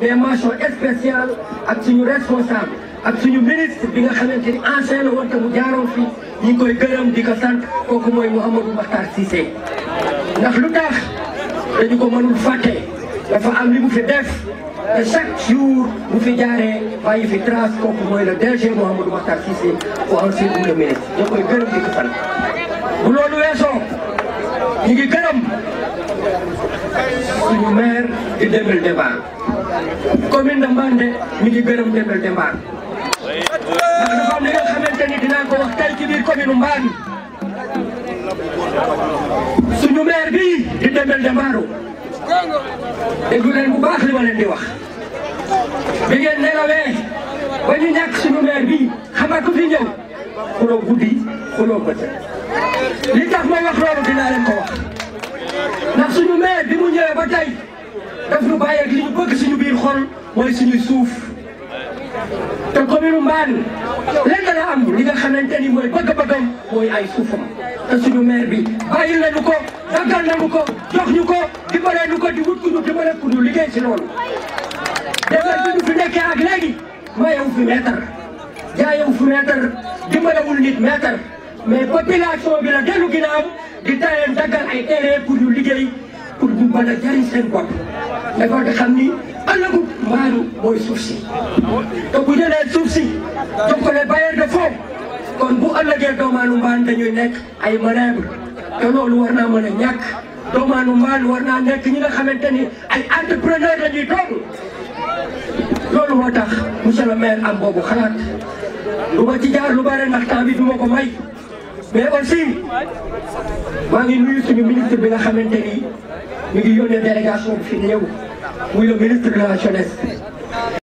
mais mention spéciale ak suñu responsable ak suñu ministre bi nga xamante ni ancien la woon te mu jaaroon fii ñu ngi koy gërëm di ko sant kooku mooy Mouhamadou Makhtar Cissé ndax lu tax dañu ko mënul fàtte dafa am li mu fi def te chaque jour bu fi jaaree bàyyi fi trace kooku mooy le DG Mouhamadou Makhtar Cissé au ancien le ministre ñu koy gërëm di loolu weesoo suñu maire di Dembel Demba commune de Mbande mi ngi gërëm Dembel Demba ndax dafa am li nga xamante ni dinaa ko wax tey ci biir commune bi di Dembel Demba déglu leen bu baax li ma leen wax bi ngeen nelawee ba ñu ñàkk suñu maire bi xamal ku fi ñëw xuloo guddi xuloo li tax may wax loolu dinaa leen ko wax ndax suñu maire bi mu ñëwee ba tey daf ñu bàyyi ak li ñu bëgg suñu biir xol mooy suñuy suuf te commune Mbane lenn la am li nga xamante ni mooy bëgg-bëggam mooy ay suufam te suñu maire bi bàyyi nañu ko daggal nañu ko jox ñu ko dimbalee ñu ko di wut ku ñu dimbalee ku ñu liggéey ci loolu. defar bi ñu fi nekkee ak léegi mayewu fi mètre jaayewu fi mètre dimbalewul nit mètre mais population bi la dellu ginnaaw di tayeen daggal ay terrain pour ñu liggéey pour ñu mën a jëriñ seen bopp dafa di xam ni ëllëgu maanu mooy suuf si te bu jëlee suuf si jox ko les bailleurs kon bu ëllëgee doomaanu mbaan dañuy nekk ay manœuvre te loolu war naa mën a ñàkk doomaanu mbaan war naa nekk ñi nga xamante ni ay entrepreneur la ñuy doon loolu moo tax monsieur le maire am boobu xalaat lu ba ci lu bare ndax temps bi du ma may mais aussi maa ngi nuyu suñu ministre bi nga xamante ni ñu ngi yónnee délégation bi fi de la jeunesse.